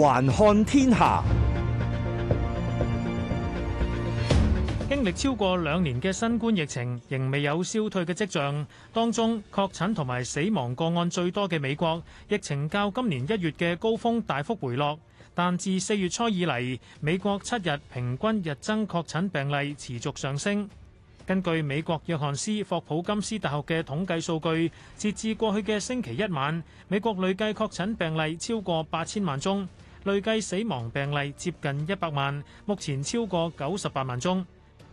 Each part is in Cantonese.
環看天下，經歷超過兩年嘅新冠疫情仍未有消退嘅跡象。當中確診同埋死亡個案最多嘅美國，疫情較今年一月嘅高峰大幅回落。但自四月初以嚟，美國七日平均日增確診病例持續上升。根據美國約翰斯霍普金斯大學嘅統計數據，截至過去嘅星期一晚，美國累計確診病例超過八千萬宗。累計死亡病例接近一百萬，目前超過九十八萬宗。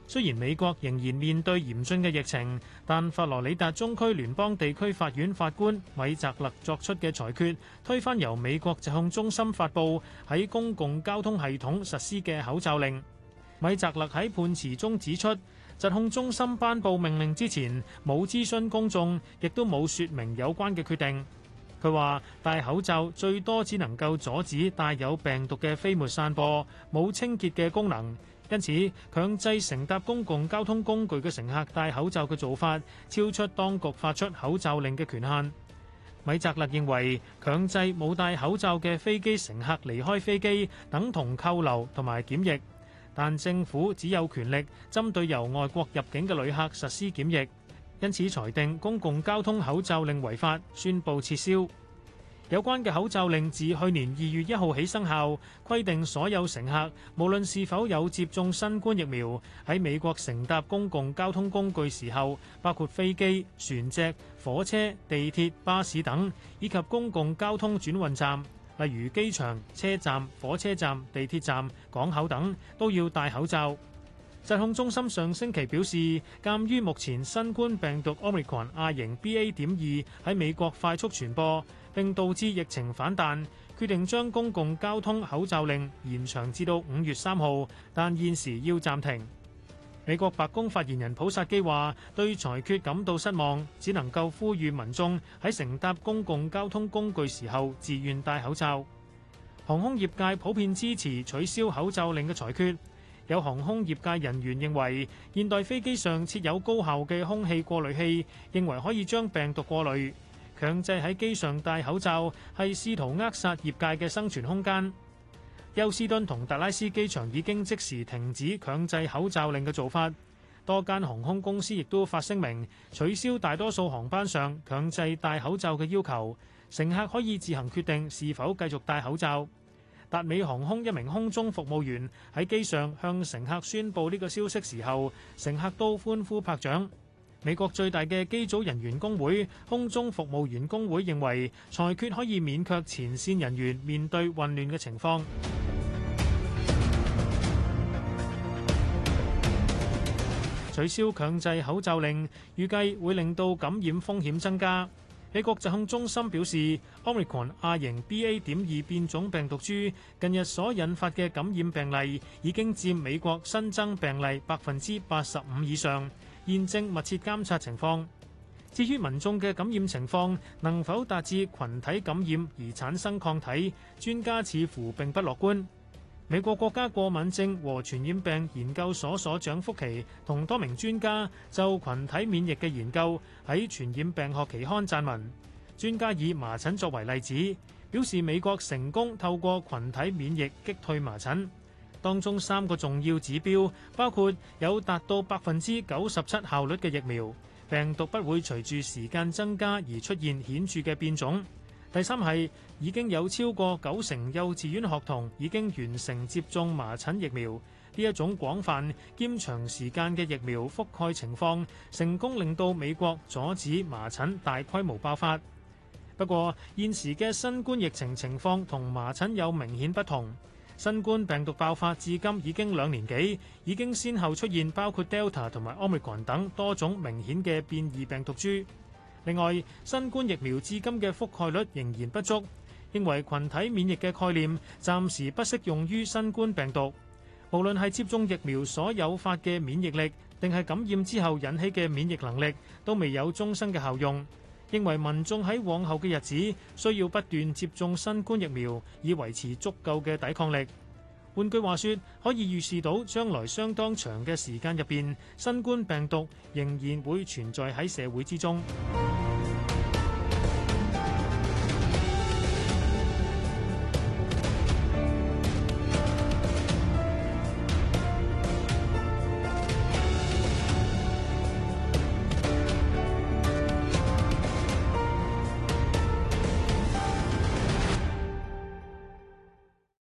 雖然美國仍然面對嚴峻嘅疫情，但佛羅里達中區聯邦地區法院法官米澤勒作出嘅裁決，推翻由美國疾控中心發布喺公共交通系統實施嘅口罩令。米澤勒喺判詞中指出，疾控中心頒布命令之前冇諮詢公眾，亦都冇説明有關嘅決定。佢話：戴口罩最多只能夠阻止帶有病毒嘅飛沫散播，冇清潔嘅功能。因此，強制乘搭公共交通工具嘅乘客戴口罩嘅做法，超出當局發出口罩令嘅權限。米澤勒認為，強制冇戴口罩嘅飛機乘客離開飛機，等同扣留同埋檢疫。但政府只有權力針對由外國入境嘅旅客實施檢疫。因此裁定公共交通口罩令違法，宣布撤銷。有關嘅口罩令自去年二月一號起生效，規定所有乘客無論是否有接種新冠疫苗，喺美國乘搭公共交通工具時候，包括飛機、船隻、火車、地鐵、巴士等，以及公共交通轉運站，例如機場、車站、火車站、地鐵站、港口等，都要戴口罩。疾控中心上星期表示，鑒於目前新冠病毒 Omicron 亞型 BA. 點二喺美國快速傳播，並導致疫情反彈，決定將公共交通口罩令延長至到五月三號，但現時要暫停。美國白宮發言人普薩基話，對裁決感到失望，只能夠呼籲民眾喺乘搭公共交通工具時候自願戴口罩。航空業界普遍支持取消口罩令嘅裁決。有航空業界人員認為，現代飛機上設有高效嘅空氣過濾器，認為可以將病毒過濾。強制喺機上戴口罩係試圖扼殺業界嘅生存空間。休斯敦同達拉斯機場已經即時停止強制口罩令嘅做法。多間航空公司亦都發聲明，取消大多數航班上強制戴口罩嘅要求，乘客可以自行決定是否繼續戴口罩。達美航空一名空中服務員喺機上向乘客宣布呢個消息時候，乘客都歡呼拍掌。美國最大嘅機組人員工會空中服務員工會認為，裁決可以免卻前線人員面對混亂嘅情況。取消強制口罩令，預計會令到感染風險增加。美國疾控中心表示，Omicron 亞型 BA. 點二變種病毒株近日所引發嘅感染病例，已經佔美國新增病例百分之八十五以上，現正密切監察情況。至於民眾嘅感染情況能否達至群體感染而產生抗體，專家似乎並不樂觀。美國國家過敏症和傳染病研究所所長福奇同多名專家就群體免疫嘅研究喺傳染病學期刊撰文。專家以麻疹作為例子，表示美國成功透過群體免疫擊退麻疹。當中三個重要指標包括有達到百分之九十七效率嘅疫苗，病毒不會隨住時間增加而出現顯著嘅變種。第三係已經有超過九成幼稚園學童已經完成接種麻疹疫苗，呢一種廣泛兼長時間嘅疫苗覆蓋情況，成功令到美國阻止麻疹大規模爆發。不過，現時嘅新冠疫情情況同麻疹有明顯不同，新冠病毒爆發至今已經兩年幾，已經先後出現包括 Delta 同埋 Omicron 等多種明顯嘅變異病毒株。另外，新冠疫苗至今嘅覆蓋率仍然不足，認為群體免疫嘅概念暫時不適用於新冠病毒。無論係接種疫苗所誘發嘅免疫力，定係感染之後引起嘅免疫能力，都未有終生嘅效用。認為民眾喺往後嘅日子需要不斷接種新冠疫苗，以維持足夠嘅抵抗力。換句話說，可以預示到將來相當長嘅時間入邊新冠病毒仍然會存在喺社會之中。